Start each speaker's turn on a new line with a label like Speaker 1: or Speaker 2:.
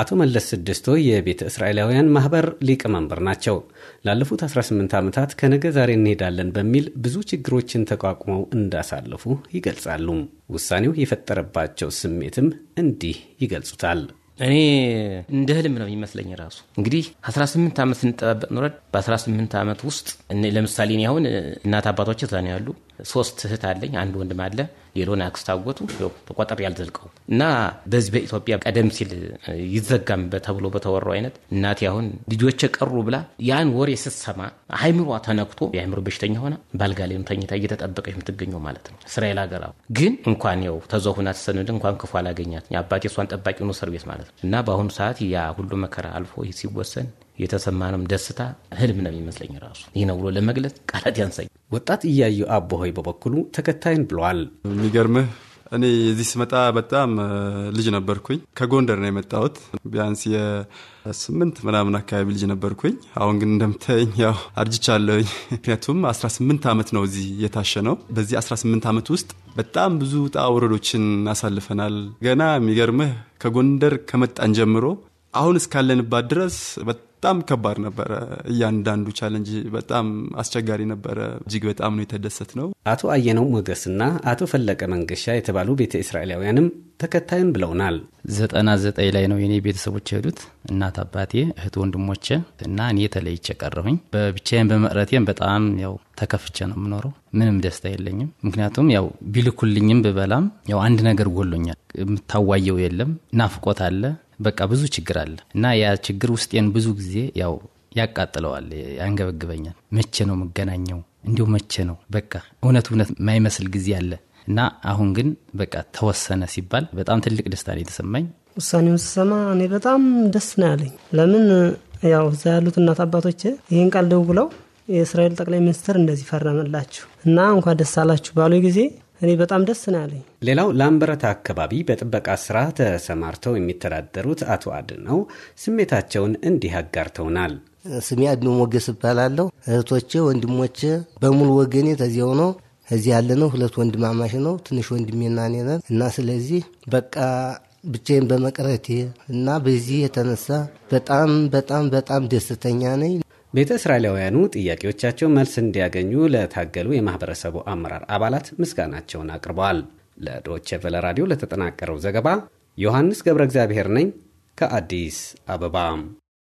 Speaker 1: አቶ መለስ ስድስቶ የቤተ እስራኤላውያን ማህበር ሊቀመንበር ናቸው። ላለፉት 18 ዓመታት ከነገ ዛሬ እንሄዳለን በሚል ብዙ ችግሮችን ተቋቁመው እንዳሳለፉ ይገልጻሉ። ውሳኔው የፈጠረባቸው ስሜትም እንዲህ ይገልጹታል። እኔ
Speaker 2: እንደ ህልም ነው የሚመስለኝ። ራሱ እንግዲህ 18 ዓመት ስንጠባበቅ ኖረን በ18 ዓመት ውስጥ ለምሳሌ እኔ አሁን እናት አባቶች እዛ ነው ያሉ ሶስት እህት አለኝ፣ አንድ ወንድም አለ። ሌሎን አክስት ተቆጠር ያልዘልቀው እና በዚህ በኢትዮጵያ ቀደም ሲል ይዘጋም ተብሎ በተወራው አይነት እናቴ አሁን ልጆች ቀሩ ብላ ያን ወሬ ስትሰማ አይምሯ ተነክቶ የአይምሮ በሽተኛ ሆና ባልጋ ላይ ተኝታ እየተጠበቀ የምትገኘው ማለት ነው። እስራኤል ሀገር ግን እንኳን ው ተዘሁና ተሰንድ እንኳን ክፉ አላገኛት አባቴ እሷን ጠባቂ ነው እስር ቤት ማለት ነው እና በአሁኑ ሰዓት ያ ሁሉ መከራ አልፎ ሲወሰን የተሰማንም ደስታ ህልም ነው የሚመስለኝ ራሱ
Speaker 3: ይህ ነው ብሎ ለመግለጽ ቃላት ያንሳኝ። ወጣት እያየው አቦሆይ በበኩሉ ተከታይን ብለዋል። የሚገርምህ እኔ የዚህ ስመጣ በጣም ልጅ ነበርኩኝ። ከጎንደር ነው የመጣሁት። ቢያንስ የስምንት ምናምን አካባቢ ልጅ ነበርኩኝ። አሁን ግን እንደምታየኝ ያው አርጅቻለሁኝ። ምክንያቱም 18 ዓመት ነው እዚህ የታሸ ነው። በዚህ 18 ዓመት ውስጥ በጣም ብዙ ውጣ ውረዶችን አሳልፈናል። ገና የሚገርምህ ከጎንደር ከመጣን ጀምሮ አሁን እስካለንባት ድረስ በጣም ከባድ ነበረ። እያንዳንዱ ቻለንጅ በጣም አስቸጋሪ ነበረ። እጅግ በጣም ነው የተደሰት ነው።
Speaker 1: አቶ አየነው ሞገስና አቶ ፈለቀ መንገሻ የተባሉ ቤተ እስራኤላውያንም ተከታዩን ብለውናል።
Speaker 4: ዘጠና ዘጠኝ ላይ ነው የኔ ቤተሰቦች የሄዱት። እናት አባቴ፣ እህት ወንድሞቼ እና እኔ ተለይቼ ቀረሁኝ። በብቻዬን በመቅረቴም በጣም ያው ተከፍቼ ነው የምኖረው። ምንም ደስታ የለኝም። ምክንያቱም ያው ቢልኩልኝም ብበላም ያው አንድ ነገር ጎሎኛል። የምታዋየው የለም፣ ናፍቆት አለ በቃ ብዙ ችግር አለ እና ያ ችግር ውስጤን ብዙ ጊዜ ያው ያቃጥለዋል፣ ያንገበግበኛል። መቼ ነው የምገናኘው? እንዲሁ መቼ ነው በቃ እውነት እውነት የማይመስል ጊዜ አለ እና አሁን ግን በቃ ተወሰነ ሲባል በጣም ትልቅ ደስታ ነው የተሰማኝ።
Speaker 1: ውሳኔውን ስሰማ እኔ በጣም ደስ ነው ያለኝ። ለምን ያው እዛ ያሉት እናት አባቶች ይህን ቃል ደውለው የእስራኤል ጠቅላይ ሚኒስትር እንደዚህ ፈረመላችሁ እና እንኳን ደስ አላችሁ ባሉ ጊዜ እኔ በጣም ደስ ነው ያለኝ። ሌላው ላምበረታ አካባቢ በጥበቃ ስራ ተሰማርተው የሚተዳደሩት አቶ አድነው ስሜታቸውን እንዲህ አጋርተውናል። ስሜ አድኖ ሞገስ እባላለሁ። እህቶቼ፣ ወንድሞቼ በሙሉ ወገኔ ተዚያው ነው እዚህ ያለ ነው። ሁለት ወንድማማሽ ነው ትንሽ ወንድሜና እኔ ነን እና ስለዚህ በቃ ብቻዬን በመቅረቴ እና በዚህ የተነሳ በጣም በጣም በጣም ደስተኛ ነኝ። ቤተ እስራኤላውያኑ ጥያቄዎቻቸው መልስ እንዲያገኙ ለታገሉ የማህበረሰቡ አመራር አባላት ምስጋናቸውን አቅርበዋል። ለዶቼ ቬለ ራዲዮ ለተጠናቀረው ዘገባ ዮሐንስ ገብረ እግዚአብሔር ነኝ ከአዲስ አበባ